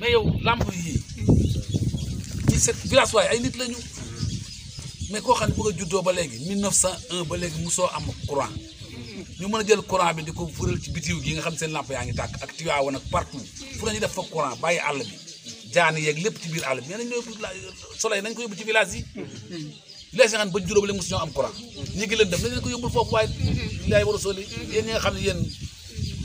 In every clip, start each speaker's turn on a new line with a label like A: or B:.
A: mais yow làmp yii ci set village waay ay nit lañu mais koo xam ne bëgg a juddoo ba léegi 1901 ba léegi musoo am courant ñu mën a jël courant bi di ko fëral ci bitiw gi nga xam seen làmp yaa ngi tàkk ak Tiwaawan ak partout fu nañu def fa courant bàyyi àll bi jaani yeeg lépp ci biir àll bi mais nañ yóbbu soleil nañ ko yóbbu ci village yi village yi xam ne ba juddoo ba léegi mosu ñoo am courant ñi ngi leen def nañ ko yóbbul foofu xam ne yéen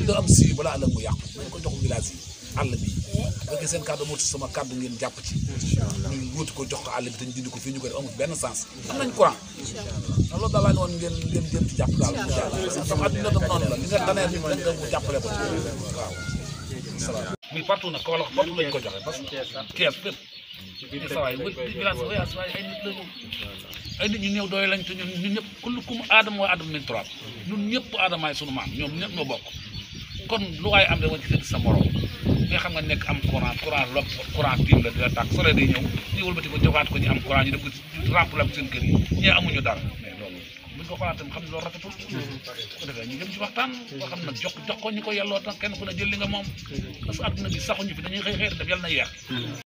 A: dina am si balaa ëllëg mu yàqu dañ ko jox village yi àll bi nga gis seen kàddu moo ci sama kàddu ngeen jàpp ci ñu wóotu ko jox ko àll bi te ñu dindi ko fii ñu ko def amul benn sens am nañ courant a loolu daal laa ne woon ngeen ngeen jëm ci jàpp daal mu jàll parce que tam adduna tam noonu la li nga tanee nit rek nga jàppale ko waaw salaam muy ko joxe kon lu waaye am da nga ci sa morom mais xam nga nekk am courant courant lob courant tiim la dina tàkk soleil day ñëw ñu wëlbati ko joxaat ko ñu am courant ñu def ko remplacé ko seen kër yi ko xoolaat tam xam ne loolu rafetul mm-hmm. ko defee ñu jëm ci waxtaan xam nag jox jox ko ñu ko yelloo tax kenn ku jël li nga moom mm-hmm. parce que adduna bi saxuñu fi dañuy xëy xëy def yàlla na yeex mm-hmm.